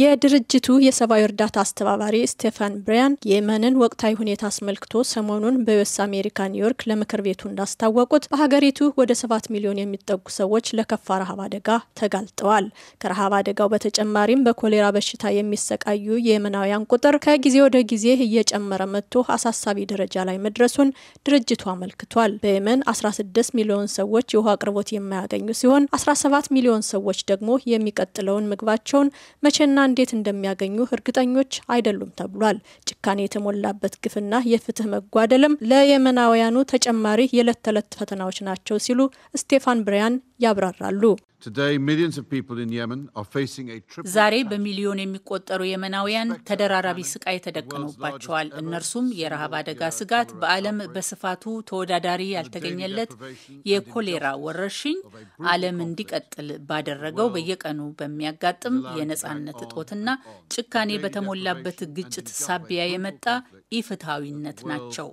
የድርጅቱ የሰብአዊ እርዳታ አስተባባሪ ስቴፋን ብሪያን የየመንን ወቅታዊ ሁኔታ አስመልክቶ ሰሞኑን በዩኤስ አሜሪካ ኒውዮርክ ለምክር ቤቱ እንዳስታወቁት በሀገሪቱ ወደ ሰባት ሚሊዮን የሚጠጉ ሰዎች ለከፋ ረሃብ አደጋ ተጋልጠዋል። ከረሃብ አደጋው በተጨማሪም በኮሌራ በሽታ የሚሰቃዩ የየመናውያን ቁጥር ከጊዜ ወደ ጊዜ እየጨመረ መጥቶ አሳሳቢ ደረጃ ላይ መድረሱን ድርጅቱ አመልክቷል። በየመን 16 ሚሊዮን ሰዎች የውሃ አቅርቦት የማያገኙ ሲሆን 17 ሚሊዮን ሰዎች ደግሞ የሚቀጥለውን ምግባቸውን መቼና እንዴት እንደሚያገኙ እርግጠኞች አይደሉም ተብሏል። ጭካኔ የተሞላበት ግፍና የፍትህ መጓደልም ለየመናውያኑ ተጨማሪ የዕለት ተዕለት ፈተናዎች ናቸው ሲሉ ስቴፋን ብሪያን ያብራራሉ። ዛሬ በሚሊዮን የሚቆጠሩ የመናውያን ተደራራቢ ስቃይ ተደቅኖባቸዋል። እነርሱም የረሃብ አደጋ ስጋት፣ በዓለም በስፋቱ ተወዳዳሪ ያልተገኘለት የኮሌራ ወረርሽኝ ዓለም እንዲቀጥል ባደረገው በየቀኑ በሚያጋጥም የነጻነት እጦትና ጭካኔ በተሞላበት ግጭት ሳቢያ የመጣ ኢፍትሐዊነት ናቸው።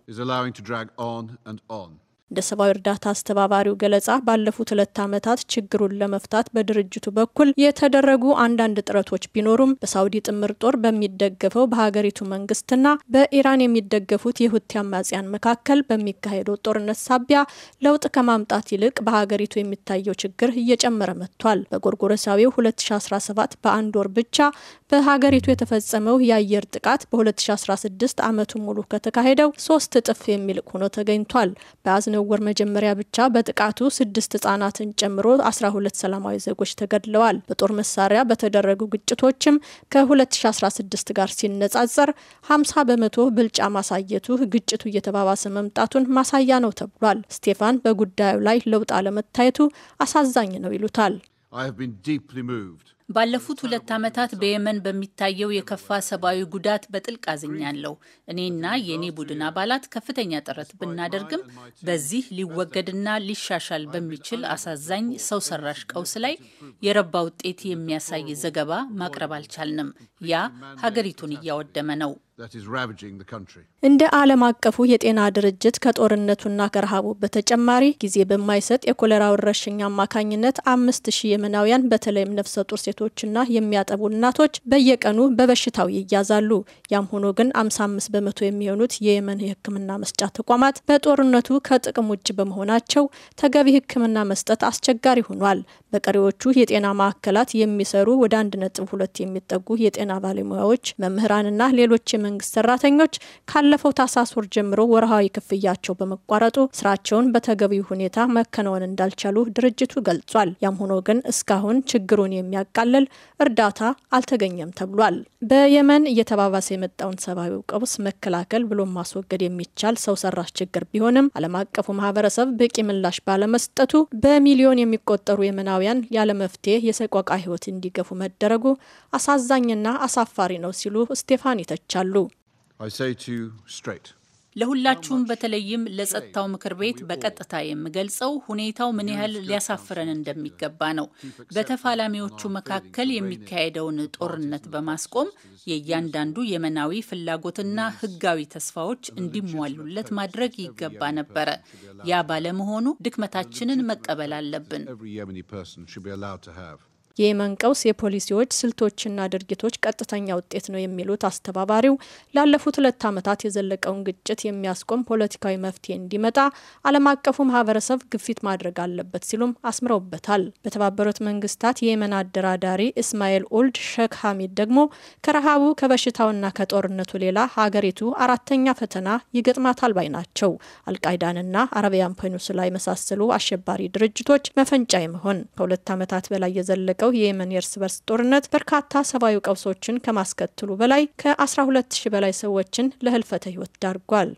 እንደ ሰብአዊ እርዳታ አስተባባሪው ገለጻ ባለፉት ሁለት ዓመታት ችግሩን ለመፍታት በድርጅቱ በኩል የተደረጉ አንዳንድ ጥረቶች ቢኖሩም በሳውዲ ጥምር ጦር በሚደገፈው በሀገሪቱ መንግስትና በኢራን የሚደገፉት የሁቲ አማጽያን መካከል በሚካሄደው ጦርነት ሳቢያ ለውጥ ከማምጣት ይልቅ በሀገሪቱ የሚታየው ችግር እየጨመረ መጥቷል። በጎርጎረሳዊው 2017 በአንድ ወር ብቻ በሀገሪቱ የተፈጸመው የአየር ጥቃት በ2016 ዓመቱ ሙሉ ከተካሄደው ሶስት እጥፍ የሚልቅ ሆኖ ተገኝቷል። በያዝነው በያዝነው ወር መጀመሪያ ብቻ በጥቃቱ ስድስት ህጻናትን ጨምሮ 12 ሰላማዊ ዜጎች ተገድለዋል። በጦር መሳሪያ በተደረጉ ግጭቶችም ከ2016 ጋር ሲነጻጸር 50 በመቶ ብልጫ ማሳየቱ ግጭቱ እየተባባሰ መምጣቱን ማሳያ ነው ተብሏል። ስቴፋን በጉዳዩ ላይ ለውጥ አለመታየቱ አሳዛኝ ነው ይሉታል። ባለፉት ሁለት ዓመታት በየመን በሚታየው የከፋ ሰብአዊ ጉዳት በጥልቅ አዝኛለሁ። እኔና የኔ ቡድን አባላት ከፍተኛ ጥረት ብናደርግም በዚህ ሊወገድና ሊሻሻል በሚችል አሳዛኝ ሰው ሰራሽ ቀውስ ላይ የረባ ውጤት የሚያሳይ ዘገባ ማቅረብ አልቻልንም። ያ ሀገሪቱን እያወደመ ነው። እንደ ዓለም አቀፉ የጤና ድርጅት ከጦርነቱና ከረሃቡ በተጨማሪ ጊዜ በማይሰጥ የኮሌራ ወረርሽኝ አማካኝነት አምስት ሺህ የመናውያን በተለይም ነፍሰ ጡር ሴቶችና የሚያጠቡ እናቶች በየቀኑ በበሽታው ይያዛሉ። ያም ሆኖ ግን 55 በመቶ የሚሆኑት የየመን የሕክምና መስጫ ተቋማት በጦርነቱ ከጥቅም ውጭ በመሆናቸው ተገቢ ሕክምና መስጠት አስቸጋሪ ሆኗል። በቀሪዎቹ የጤና ማዕከላት የሚሰሩ ወደ 1.2 የሚጠጉ የጤና ባለሙያዎች፣ መምህራንና ሌሎች መንግስት ሰራተኞች ካለፈው ታህሳስ ወር ጀምሮ ወርሃዊ ክፍያቸው በመቋረጡ ስራቸውን በተገቢው ሁኔታ መከናወን እንዳልቻሉ ድርጅቱ ገልጿል። ያም ሆኖ ግን እስካሁን ችግሩን የሚያቃልል እርዳታ አልተገኘም ተብሏል። በየመን እየተባባሰ የመጣውን ሰብአዊ ቀውስ መከላከል ብሎም ማስወገድ የሚቻል ሰው ሰራሽ ችግር ቢሆንም ዓለም አቀፉ ማህበረሰብ በቂ ምላሽ ባለመስጠቱ በሚሊዮን የሚቆጠሩ የመናውያን ያለመፍትሄ የሰቆቃ ህይወት እንዲገፉ መደረጉ አሳዛኝና አሳፋሪ ነው ሲሉ ስቴፋን ይተቻሉ። ለሁላችሁም በተለይም ለጸጥታው ምክር ቤት በቀጥታ የምገልጸው ሁኔታው ምን ያህል ሊያሳፍረን እንደሚገባ ነው። በተፋላሚዎቹ መካከል የሚካሄደውን ጦርነት በማስቆም የእያንዳንዱ የመናዊ ፍላጎትና ሕጋዊ ተስፋዎች እንዲሟሉለት ማድረግ ይገባ ነበረ። ያ ባለመሆኑ ድክመታችንን መቀበል አለብን። የየመን ቀውስ የፖሊሲዎች ስልቶችና ድርጊቶች ቀጥተኛ ውጤት ነው የሚሉት አስተባባሪው ላለፉት ሁለት ዓመታት የዘለቀውን ግጭት የሚያስቆም ፖለቲካዊ መፍትሄ እንዲመጣ ዓለም አቀፉ ማህበረሰብ ግፊት ማድረግ አለበት ሲሉም አስምረውበታል። በተባበሩት መንግስታት የየመን አደራዳሪ እስማኤል ኦልድ ሼክ ሐሚድ ደግሞ ከረሃቡ ከበሽታውና ከጦርነቱ ሌላ ሀገሪቱ አራተኛ ፈተና ይገጥማታል ባይ ናቸው። አልቃይዳንና አረቢያን ፔኒንሱላ የመሳሰሉ አሸባሪ ድርጅቶች መፈንጫ የመሆን ከሁለት ዓመታት በላይ የዘለቀ የተጠናቀቀው የየመን የእርስ በርስ ጦርነት በርካታ ሰብአዊ ቀውሶችን ከማስከትሉ በላይ ከ12 ሺ በላይ ሰዎችን ለህልፈተ ህይወት ዳርጓል።